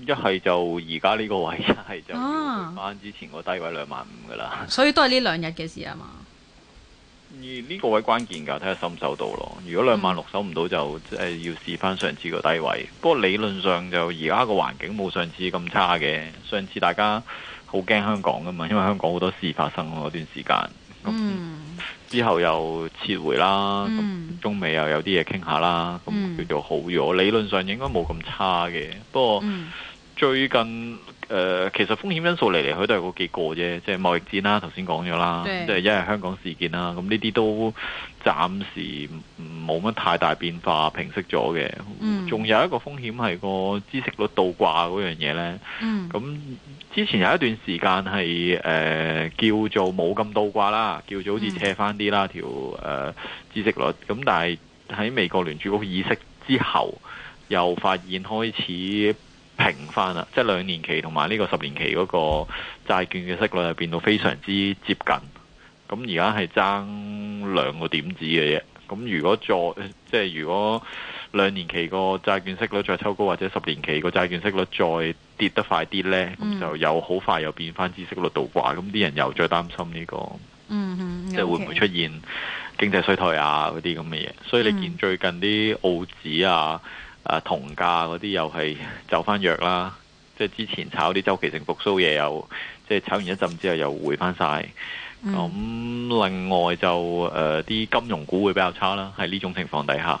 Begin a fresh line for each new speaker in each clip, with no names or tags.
一係就而家呢個位，一係就翻之前個低位兩萬五噶啦。
了所以都係呢兩日嘅事啊嘛。
而呢個位關鍵噶，睇下收唔收到咯。如果兩萬六收唔到，就即係要試翻上，上次個低位。嗯、不過理論上就而家個環境冇上次咁差嘅。上次大家好驚香港噶嘛，因為香港好多事發生嗰段時間。咁、嗯、之後又撤回啦，咁、嗯、中美又有啲嘢傾下啦，咁叫做好咗。理論上應該冇咁差嘅，不過最近。誒、呃，其實風險因素嚟嚟去去都係嗰幾個啫，即係貿易戰啦，頭先講咗啦，對即係因為香港事件啦，咁呢啲都暫時冇乜太大變化，平息咗嘅。仲、嗯、有一個風險係個孳息率倒掛嗰樣嘢呢。嗯，咁之前有一段時間係誒、呃、叫做冇咁倒掛啦，叫做好似斜翻啲啦、嗯、條誒孳息率，咁但係喺美國聯儲局議息之後，又發現開始。平翻啦，即係兩年期同埋呢個十年期嗰個債券嘅息率係變到非常之接近，咁而家係爭兩個點子嘅嘢。咁如果再即係如果兩年期個債券息率再抽高，或者十年期個債券息率再跌得快啲呢，咁就又好快又變翻孳息率倒掛，咁啲、嗯、人又再擔心呢、這個，嗯嗯、
即係會唔會出
現經濟衰退啊嗰啲咁嘅嘢。所以你見最近啲澳紙啊。嗯啊，銅價嗰啲又係走翻弱啦，即係之前炒啲周期性復甦嘢又，即係炒完一陣之後又回翻晒。咁、嗯嗯、另外就誒啲、呃、金融股會比較差啦，喺呢種情況底下。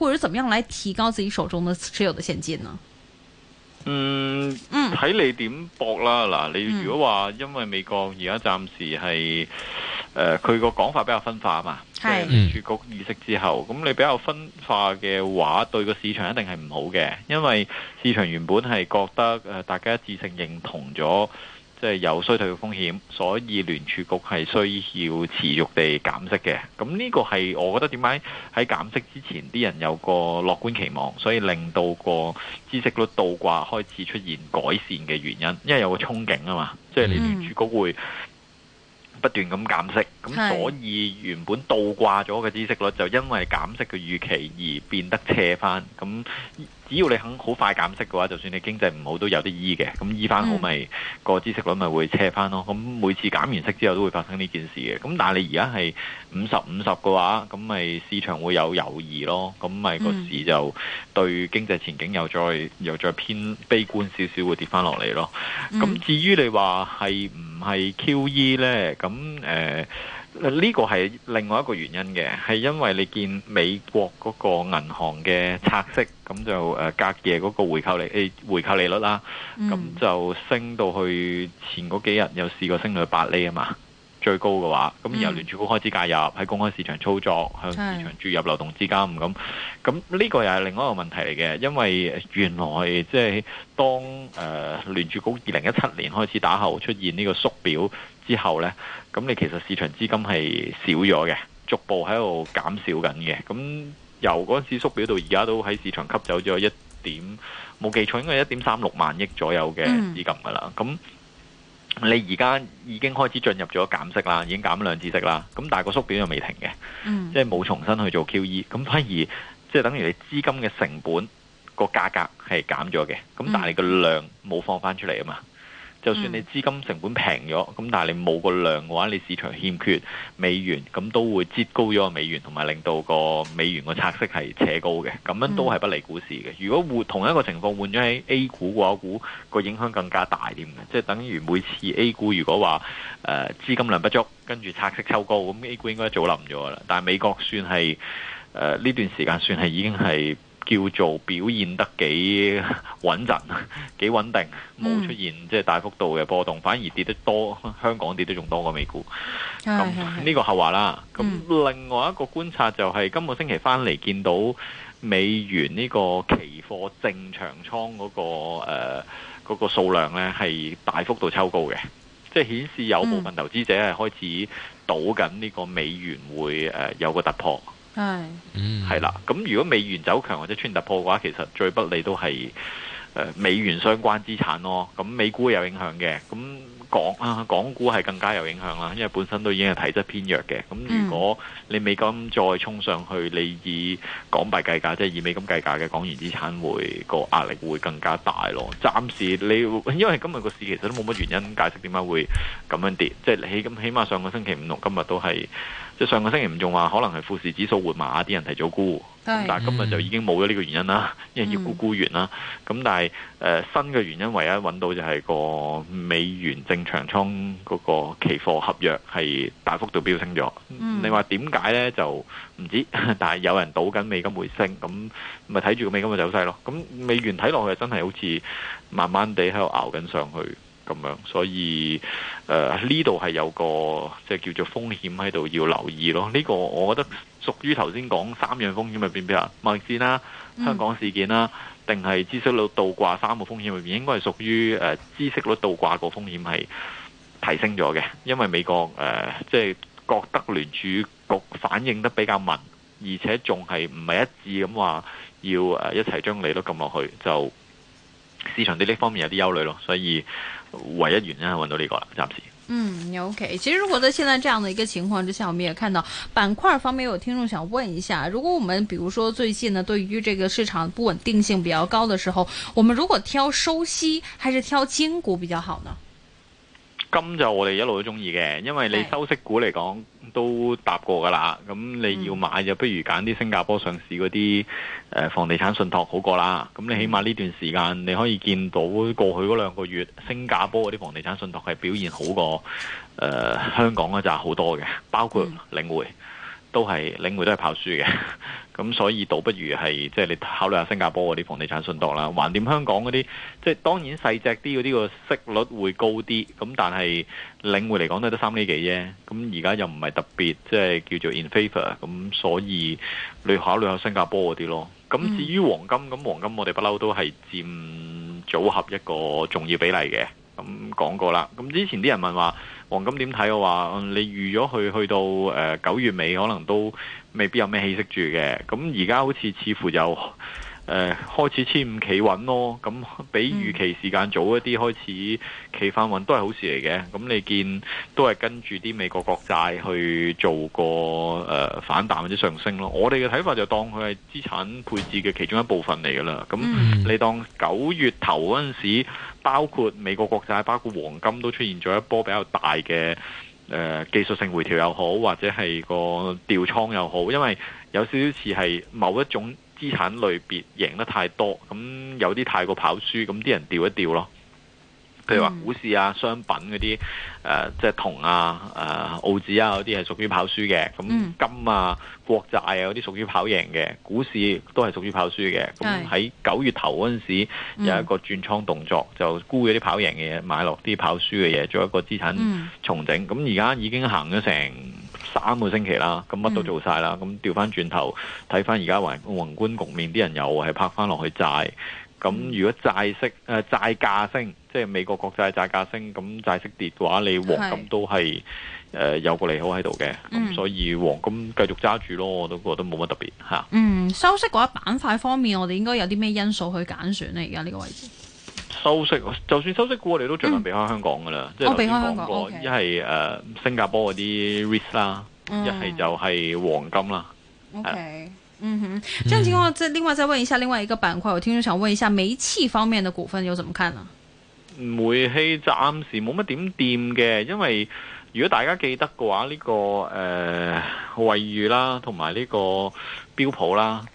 或者怎麼樣來提高自己手中的持有的現金呢？嗯，
睇你點搏啦。嗱，你如果話，因為美國而家暫時係誒，佢個講法比較分化啊嘛，即係脫局意識之後，咁你比較分化嘅話，對個市場一定係唔好嘅，因為市場原本係覺得誒、呃，大家一致性認同咗。即係有衰退嘅風險，所以聯儲局係需要持續地減息嘅。咁呢個係我覺得點解喺減息之前，啲人有個樂觀期望，所以令到個孳息率倒掛開始出現改善嘅原因，因為有個憧憬啊嘛。即係你聯儲局會不斷咁減息，咁、嗯、所以原本倒掛咗嘅孳息率就因為減息嘅預期而變得斜返咁。只要你肯好快減息嘅話，就算你經濟唔好都有得醫嘅，咁醫翻好咪、就、個、是嗯、孳息率咪會斜翻咯。咁每次減完息之後都會發生呢件事嘅。咁但係你而家係五十五十嘅話，咁咪市場會有猶豫咯。咁咪個市就對經濟前景又再又再偏悲觀少少，會跌翻落嚟咯。咁、嗯、至於你話係唔係 QE 呢？咁誒。呃呢個係另外一個原因嘅，係因為你見美國嗰個銀行嘅拆息，咁就誒、呃、隔夜嗰個回購利、哎，回購利率啦，咁、嗯、就升到去前嗰幾日有試過升到去八厘啊嘛，最高嘅話，咁、嗯、然後聯儲局開始介入喺公開市場操作，向市場注入是流動資金咁，咁呢個又係另外一個問題嚟嘅，因為原來即係當誒聯儲局二零一七年開始打後出現呢個縮表之後呢。咁你其實市場資金係少咗嘅，逐步喺度減少緊嘅。咁由嗰陣時縮表到而家都喺市場吸走咗一點冇記錯應該係一點三六萬億左右嘅資金㗎啦。咁你而家已經開始進入咗減息啦，已經減兩次息啦。咁但係個縮表又未停嘅，即係冇重新去做 QE。咁反而即係等於你資金嘅成本個價格係減咗嘅，咁但係你個量冇放翻出嚟啊嘛。就算你資金成本平咗，咁、嗯、但係你冇個量嘅話，你市場欠缺美元，咁都會折高咗個美元，同埋令到個美元個拆息係扯高嘅，咁樣都係不利股市嘅。如果換同一個情況換咗喺 A 股嘅話，股個影響更加大啲嘅，即係等於每次 A 股如果話誒、呃、資金量不足，跟住拆息抽高，咁 A 股應該早冧咗啦。但係美國算係誒呢段時間算係已經係。叫做表現得幾穩陣、幾穩定，冇出現即係大幅度嘅波動，嗯、反而跌得多。香港跌得仲多過美股。咁呢是個後話啦。咁、嗯、另外一個觀察就係、是嗯、今個星期翻嚟見到美元呢個期貨正長倉嗰、那個呃那個數量呢係大幅度抽高嘅，即係顯示有部分投資者係開始倒緊呢個美元會、呃、有個突破。係，嗯，係啦。咁如果美元走強或者出現突破嘅話，其實最不利都係誒美元相關資產咯。咁美股有影響嘅，咁港啊港股係更加有影響啦。因為本身都已經係體質偏弱嘅。咁如果你美金再衝上去，你以港幣計價，即係以美金計價嘅港元資產會，會個壓力會更加大咯。暫時你因為今日個市其實都冇乜原因解釋點解會咁樣跌，即係起咁起碼上個星期五、六、今日都係。上個星期唔仲話，可能係富時指數換馬啲人提早沽，對但今日就已經冇咗呢個原因啦，嗯、因為要沽沽完啦。咁、嗯、但係、呃、新嘅原因唯一揾到就係個美元正長倉嗰個期貨合約係大幅度飆升咗。嗯、你話點解呢？就唔知，但係有人賭緊美金回升，咁咪睇住個美金咪走勢咯。咁美元睇落去真係好似慢慢地喺度熬緊上去。咁樣，所以誒呢度係有個即係、就是、叫做風險喺度要留意咯。呢、這個我覺得屬於頭先講三樣風險入邊，比如貿易戰啦、啊、香港事件啦、啊，定係孳息率倒掛三個風險入邊，應該係屬於誒孳息率倒掛個風險係提升咗嘅。因為美國誒即係覺得聯儲局反應得比較慢，而且仲係唔係一致咁話要誒一齊將利率撳落去，就市場對呢方面有啲憂慮咯。所以唯一原因係揾到呢個啦，暫時。
嗯，OK。其實如果在現在這樣的一個情況之下，我們也看到板塊方面有聽眾想問一下，如果我們比如說最近呢，對於這個市場不穩定性比較高的時候，我們如果挑收息還是挑金股比較好呢？
金就我哋一路都中意嘅，因為你收息股嚟講是都搭過噶啦，咁你要買就不如揀啲新加坡上市嗰啲誒房地產信託好過啦，咁你起碼呢段時間你可以見到過去嗰兩個月新加坡嗰啲房地產信託係表現好過誒、呃、香港咧就係好多嘅，包括領匯。嗯都係領匯都係跑輸嘅，咁 所以倒不如係即係你考慮下新加坡嗰啲房地產信託啦，橫掂香港嗰啲，即係當然細隻啲嗰啲個息率會高啲，咁但係領匯嚟講都係得三釐幾啫，咁而家又唔係特別即係叫做 in favor，咁所以你考慮下新加坡嗰啲咯。咁至於黃金，咁黃金我哋不嬲都係佔組合一個重要比例嘅，咁講過啦。咁之前啲人問話，黃金點睇嘅話，嗯，你預咗去去到誒九、呃、月尾，可能都未必有咩氣息住嘅。咁而家好似似乎有。誒，開始千五企穩咯，咁比預期時間早一啲開始企翻穩都係好事嚟嘅。咁你見都係跟住啲美國國債去做個誒、呃、反彈或者上升咯。我哋嘅睇法就當佢係資產配置嘅其中一部分嚟噶啦。咁你當九月頭嗰陣時，包括美國國債、包括黃金都出現咗一波比較大嘅誒、呃、技術性回調又好，或者係個調倉又好，因為有少少似係某一種。資產類別贏得太多，咁有啲太過跑輸，咁啲人調一調咯。
譬如話股
市啊、商品嗰啲，誒、呃、即係銅啊、誒、呃、澳紙啊嗰啲係屬於跑輸嘅，咁金啊、國債啊嗰啲屬於跑贏嘅，股市都係屬於跑輸嘅。咁喺九月頭嗰陣時有一個轉倉動作，就沽嗰啲跑贏嘅嘢，買落啲跑輸嘅嘢，做一個資產重整。咁而家已經行咗成三個星期啦，咁乜都做晒啦，咁掉翻轉頭睇翻而家宏宏觀局面，啲人又係拍翻落去債。咁如果債息誒，債價升，即係美國國債債價升，咁債息跌嘅話，你黃金都係誒是、呃、有個利好喺度嘅。咁、嗯、所以黃金繼續揸住咯，我都覺得冇乜特別吓。啊、嗯，
收息嗰一板塊方面，我哋應該有啲咩因素去揀選，選呢？而家呢個位置。
收息，就算收息股我哋都盡量避開香港噶啦，嗯、即係頭先講過一係誒新加坡嗰啲 risk 啦，一係、嗯、就係黃金啦。O
okay , K，的嗯哼，這樣情況，再另外再問一下另外一個板塊，嗯、我聽眾想問一下煤氣方面嘅股份有怎麼看呢？啊？
煤氣暫時冇乜點掂嘅，因為如果大家記得嘅話，呢、呢個誒惠譽啦，同埋呢個標普啦。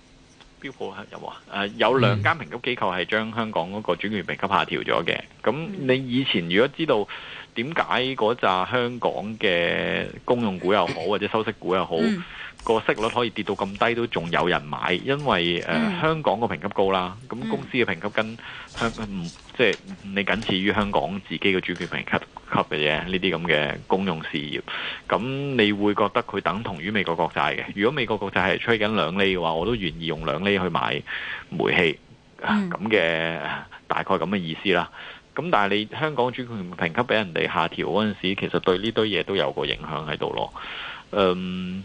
有冇啊，間、uh, 有兩間評級機構係將香港嗰個轉型評級下調咗嘅。咁你以前如果知道點解，嗰紮香港嘅公用股又好，或者收息股又好？ 嗯個息率可以跌到咁低都仲有人買，因為、嗯呃、香港個評級高啦。咁公司嘅評級跟香唔即係你僅次於香港自己嘅主權評級級嘅嘢，呢啲咁嘅公用事業，咁你會覺得佢等同於美國國債嘅。如果美國國債係吹緊兩厘嘅話，我都願意用兩厘去買煤氣咁嘅大概咁嘅意思啦。咁但係你香港主權評級俾人哋下調嗰陣時，其實對呢堆嘢都有個影響喺度咯。嗯。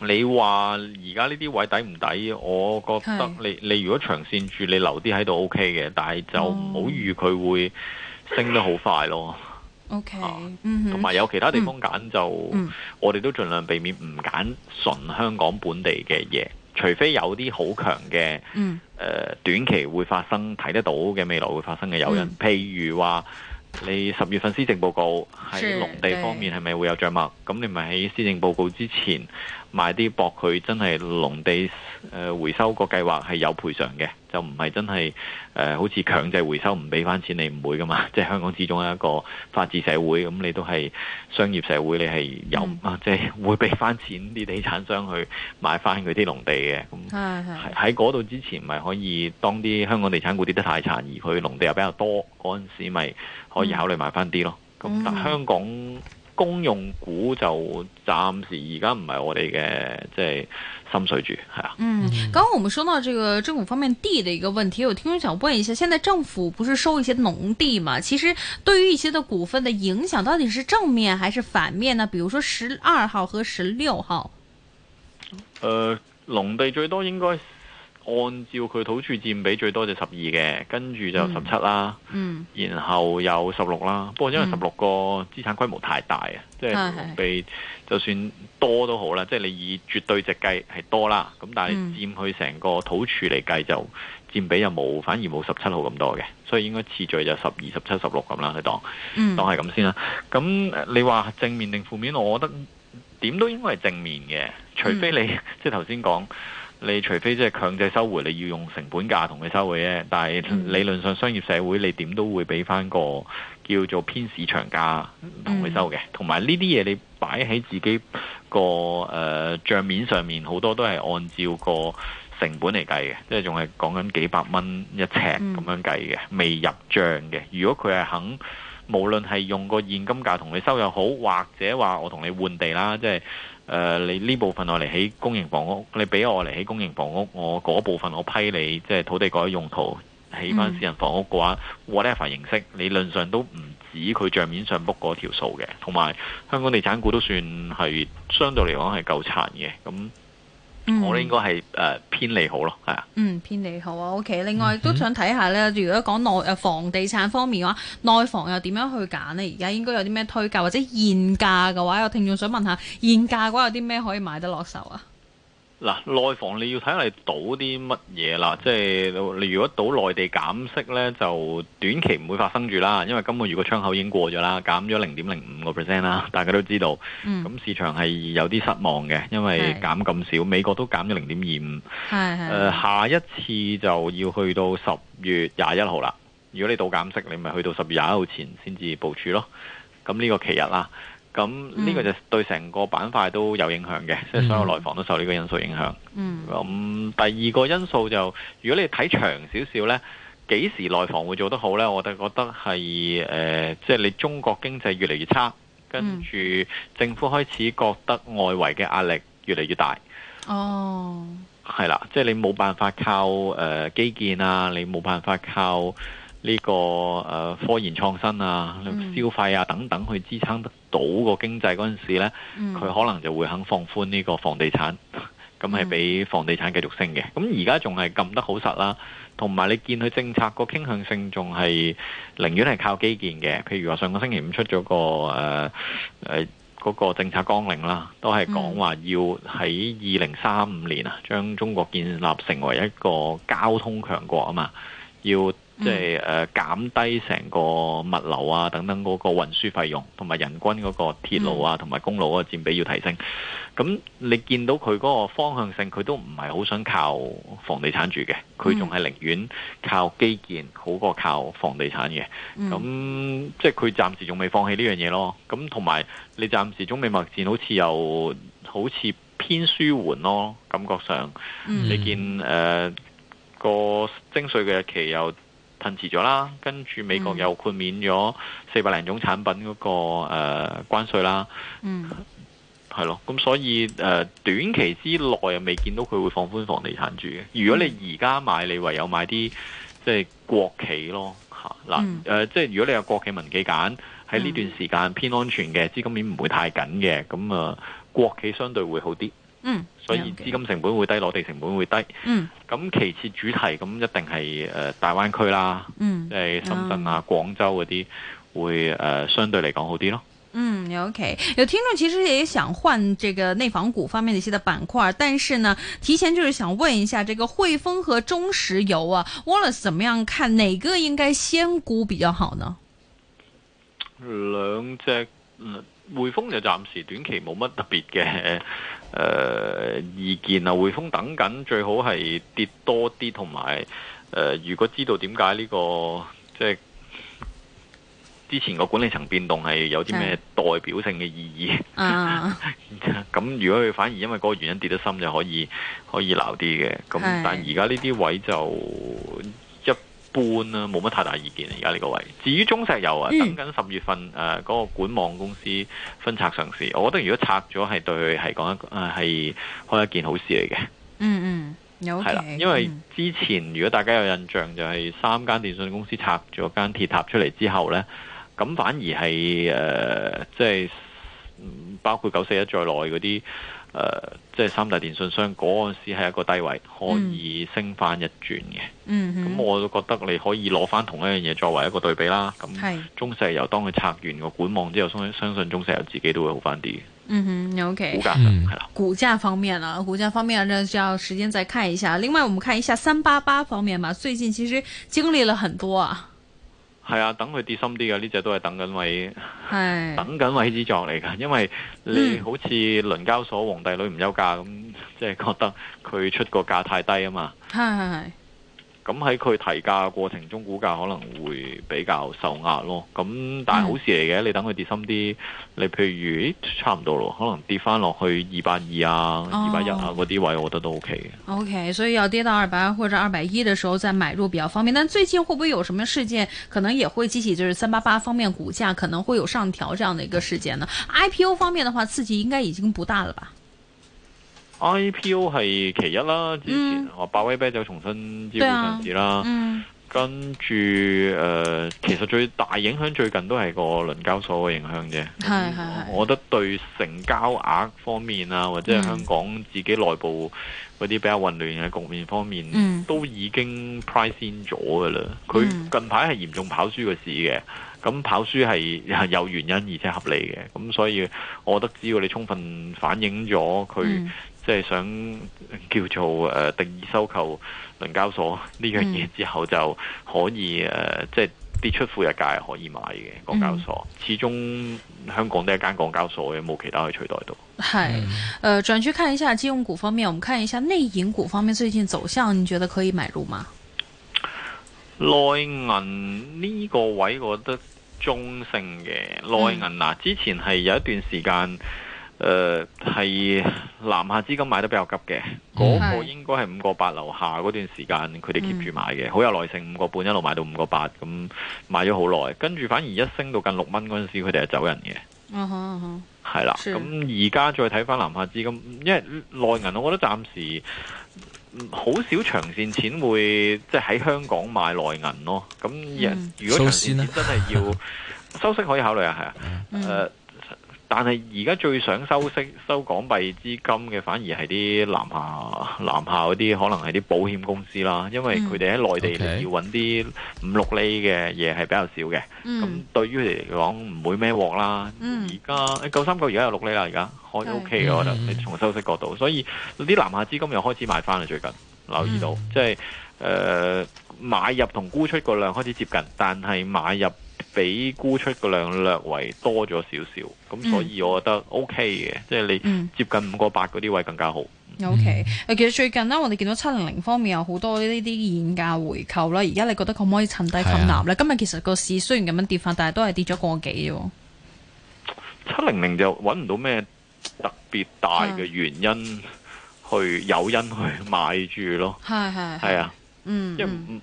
你話而家呢啲位抵唔抵？我覺得你你如果長線住，你留啲喺度 O K 嘅，但係就唔好預佢會升得好快咯。O
K，同埋有其他地方
揀就，mm hmm. 我哋都盡量避免唔揀純香港本地嘅嘢，除非有啲好強嘅、mm hmm. 呃、短期會發生睇得到嘅未來會發生嘅誘人、mm hmm. 譬如話你十月份施政報告喺是農地方面係咪會有著墨？咁對你咪喺施政報告之前。買啲博佢真係農地誒，回收個計劃係有賠償嘅，就唔係真係誒、呃、好似強制回收唔俾返錢你唔會噶嘛。即係香港始終係一個法治社會，咁、嗯、你都係商業社會，你係有啊，嗯、即係會俾返錢啲地產商去買返佢啲農地嘅。咁喺嗰度之前，咪可以當啲香港地產股跌得太殘，而佢農地又比較多，嗰陣時咪可以考慮買返啲咯。咁、嗯、是 但香港。公用股就暫時而家唔係我哋嘅，即係心水住係啊。嗯，剛
剛我們說到這個政府方面地的一個問題，有聽眾想問一下，現在政府不是收一些農地嘛？其實對於一些的股份的影響，到底是正面還是反面呢？比如說十二號和十六號。
誒、呃，農地最多應該。按照佢土儲佔比最多就十二嘅，跟住就十七啦，嗯嗯、然後又十六啦。不過因為十六個資產規模太大啊，嗯、即係被就算多都好啦，嗯、即係你以絕對值計係多啦。咁但係佔佢成個土儲嚟計就佔比又冇，反而冇十七號咁多嘅，所以應該次序就十二、十七、十六咁啦。佢當、嗯、當係咁先啦。咁你話正面定負面，我覺得點都應該係正面嘅，除非你、嗯、即係頭先講。你除非即係強制收回，你要用成本價同佢收回啫。但係理論上商業社會你點都會俾翻個叫做偏市場價同佢收嘅。同埋呢啲嘢，你擺喺自己個誒賬面上面，好多都係按照個成本嚟計嘅，即係仲係講緊幾百蚊一尺咁樣計嘅，嗯、未入賬嘅。如果佢係肯無論係用個現金價同你收又好，或者話我同你換地啦，即係、呃、你呢部分我嚟起公營房屋，你俾我嚟起公營房屋，我嗰部分我批你即係土地改用途起翻私人房屋嘅話、嗯、whatever 形式理論上都唔止佢帳面上 book 嗰條數嘅，同埋香港地產股都算係相對嚟講係夠殘嘅咁。我咧應該係誒、呃、偏利好咯，係啊。
嗯，偏利好啊。OK。另外都想睇下咧，嗯、哼如果講內房地產方面嘅話，內房又點樣去揀呢？而家應該有啲咩推介，或者現價嘅話，有聽眾想問下，現價嘅話有啲咩可以買得落手啊？
嗱，內房你要睇下你賭啲乜嘢啦？即係你如果賭內地減息呢，就短期唔會發生住啦，因為今個月個窗口已經過咗啦，減咗零點零五個 percent 啦，大家都知道。咁、嗯、市場係有啲失望嘅，因為減咁少，是美國都減咗零點二五。誒，下一次就要去到十月廿一號啦。如果你賭減息，你咪去到十月廿一號前先至部署咯。咁、這、呢個期日啦。咁呢個就對成個板塊都有影響嘅，即係、嗯、所有內房都受呢個因素影響。咁、嗯、第二個因素就，如果你睇長少少呢，幾時內房會做得好呢？我哋覺得係誒、即、呃、係、就是、你中國經濟越嚟越差，跟住政府開始覺得外圍嘅壓力越嚟越大。
哦，
係啦，即、就、係、是、你冇辦法靠誒、呃、基建啊，你冇辦法靠。呢、這個誒、呃、科研創新啊、消費啊等等，去支撐得到個經濟嗰陣時咧，佢、嗯、可能就會肯放寬呢個房地產，咁係俾房地產繼續升嘅。咁而家仲係撳得好實啦，同埋你見佢政策個傾向性仲係寧願係靠基建嘅，譬如話上個星期五出咗個誒誒嗰個政策綱領啦，都係講話要喺二零三五年啊，將中國建立成為一個交通強國啊嘛，要。即係誒，減低成個物流啊，等等嗰個運輸費用，同埋人均嗰個鐵路啊，同埋公路嗰個佔比要提升。咁、嗯、你見到佢嗰個方向性，佢都唔係好想靠房地產住嘅，佢仲係寧願靠基建好過靠房地產嘅。咁、嗯、即係佢暫時仲未放棄呢樣嘢咯。咁同埋你暫時中美貿易戰好似又好似偏舒緩咯，感覺上、嗯、你見誒個、呃、徵稅嘅日期又。停滯咗啦，跟住美國又豁免咗四百零種產品嗰、那個誒、呃、關稅啦，嗯，係咯，咁所以誒短期之內又未見到佢會放寬房地產住嘅。如果你而家買，你唯有買啲即係國企咯嗱、啊嗯呃呃、即係如果你有國企民企揀，喺呢段時間偏安全嘅資金面唔會太緊嘅，咁啊、呃、國企相對會好啲。嗯，所以資金成本會低，攞、嗯、地成本會低。嗯，咁其次主題咁一定係誒、呃、大灣區啦，
即係、嗯呃、深圳啊、
廣州嗰啲會誒、呃、相對嚟講好啲咯。
嗯，OK，有聽眾其實也想換這個內房股方面的一些的板塊，但是呢，提前就是想問一下，這個匯豐和中石油啊，Wallace 怎麼樣看，哪個應該先估比較好呢？
兩隻嗯，匯豐就暫時短期冇乜特別嘅。誒，意見啊，匯豐等緊最好係跌多啲，同埋誒，如果知道點解呢個即係之前個管理層變動係有啲咩代表性嘅意義，咁如果佢反而因為嗰個原因跌得深，就可以可以撈啲嘅。咁是但而家呢啲位就。半啊，冇乜太大意見。而家呢個位，至於中石油啊，等緊十月份誒嗰、嗯呃那個管網公司分拆上市，我覺得如果拆咗係對佢係講一個係開一件好事嚟嘅，
嗯。嗯的嗯，有係啦，因
為之前如果大家有印象，就係、是、三間電信公司拆咗間鐵塔出嚟之後呢，咁反而係誒，即、呃、係、就是、包括九四一在內嗰啲。誒、呃，即係三大電信商嗰陣時係一個低位，可以升翻一轉嘅。嗯咁哼我都覺得你可以攞翻同一樣嘢作為一個對比啦。咁，中石油是當佢拆完個管網之後，相相信中石油自己都會好翻啲。嗯
哼，OK，股價、啊嗯、股價方面啊，股價方面、啊，呢需要時間再看一下。另外，我們看一下三八八方面吧，最近其實經歷了很多啊。
係啊，等佢跌深啲嘅，呢隻都係等緊位，
是等
緊位之狀嚟嘅，因為你好似倫交所皇帝女唔憂嫁，咁、嗯，即係、嗯就是、覺得佢出個價太低啊嘛。係係
係。
咁喺佢提價過程中，股價可能會比較受壓咯。咁但係好事嚟嘅，嗯、你等佢跌深啲，你譬如差唔多咯，可能跌翻落去二百二啊、二百一啊嗰啲位，我覺得都 OK 嘅。
OK，所以要跌到二百二或者二百一嘅時候再買入比較方便。但最近會唔會有什麼事件，可能也會激起就是三八八方面股價可能會有上調這樣的一個事件呢？IPO 方面的話，刺激應該已經不大了吧？
IPO 係其一啦，之前我百威啤酒重新招股上市啦，嗯、跟住誒、呃，其實最大影響最近都係個倫交所嘅影響啫。係係我覺得對成交額方面啊，或者係香港自己內部嗰啲比較混亂嘅局面方面，嗯、都已經 price in 咗噶啦。佢近排係嚴重跑輸個市嘅。咁跑輸係有原因而且合理嘅，咁所以我覺得只要你充分反映咗佢、嗯、即係想叫做定義收購倫交所呢樣嘢之後，就可以、嗯、即係跌出富日界係可以買嘅港交所。嗯、始終香港都係一間港交所嘅，冇其他可以取代到
是。係、嗯，誒、呃、轉去看一下金融股方面，我們看一下內銀股方面最近走向，你覺得可以買入嗎？
內銀呢個位，我覺得中性嘅。內銀嗱，之前係有一段時間，誒、呃、係南下資金買得比較急嘅。嗰、嗯、個應該係五個八樓下嗰段時間，佢哋 keep 住買嘅，好、嗯、有耐性。五個半一路買到五個八，咁買咗好耐。跟住反而一升到近六蚊嗰陣時，佢哋係走人嘅。啊哈、嗯，係、嗯、啦。咁而家再睇翻南下資金，因為內銀，我覺得暫時。好少長線錢會即係喺香港買內銀咯，咁如果長線錢真係要收息，可以考慮啊，係啊、嗯，誒、嗯。但係而家最想收息收港幣資金嘅，反而係啲南下南下嗰啲，可能係啲保險公司啦，因為佢哋喺內地你要揾啲五六厘嘅嘢係比較少嘅。咁、嗯、對於佢哋嚟講唔會咩鑊啦。而家、嗯哎、九三九而家有六厘啦，而家開 O K 嘅，對我覺得。從收息角度，所以啲南下資金又開始買翻啦，最近留意到，嗯、即係誒、呃、買入同沽出個量開始接近，但係買入。比沽出嗰量略為多咗少少，咁、嗯、所以我覺得 O K 嘅，嗯、即係你接近五個八嗰啲位更加好。
O K，嗯嗯、其實最近呢，我哋見到七零零方面有好多呢啲現價回購啦，而家你覺得可唔可以趁低吸納咧啊、今日其實個市雖然咁樣跌翻，但係都係跌咗個幾。七
零零就揾唔到咩特別大嘅原因去有因去買住咯，
係係係啊，嗯，嗯。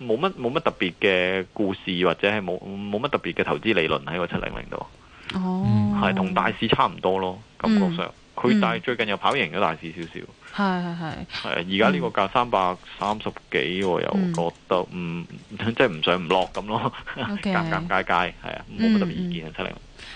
冇乜冇乜特別嘅故事，或者係冇冇乜特別嘅投資理論喺個七零零度，
係
同、oh. 大市差唔多咯。感覺上佢、mm. 但係最近又跑贏咗大市少少。
係係
係。係而家呢個價三百三十幾，我又覺得唔即係唔上唔落咁咯，尷尷尬尬係啊，冇乜特別意見啊七零。Mm.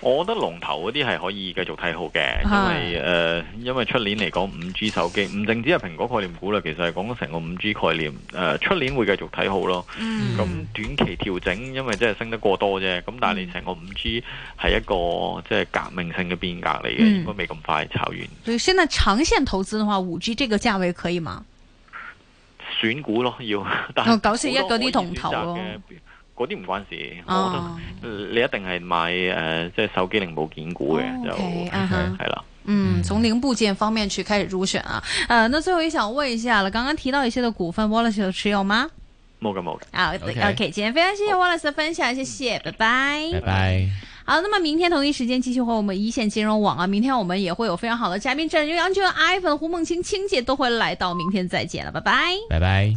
我覺得龍頭嗰啲係可以繼續睇好嘅，因為誒，因為出年嚟講五 G 手機唔淨止係蘋果概念股啦，其實係講成個五 G 概念，誒，出年會繼續睇好咯。咁短期調整，因為真係升得過多啫。咁但係你成個五 G 係一個即係革命性嘅變革嚟嘅，應該未咁快炒完。
所以現在長線投資嘅話，五 G 這個價位可以嗎？
選股咯，要九四一啲同投咯嗰啲唔關事，哦、我覺得你一定係買誒，即、呃、係、就是、手機零部件股嘅、哦 okay, 就係係啦。
Uh huh. 嗯，從零部件方面去開始入選啊。誒、嗯，uh, 那最後也想問一下啦，剛剛提到一些的股份，Wallace 有持有嗎？冇嘅冇嘅。啊好 okay.，OK，今天非常謝謝 Wallace 的分享，好謝謝，拜拜，拜 bye 好，那麼明天同一時間繼續和我們一線金融網啊。明天我們也會有非常好的嘉賓，陣容楊 Ivan 胡孟青青姐都會來到。明天，再見啦，拜拜，
拜拜。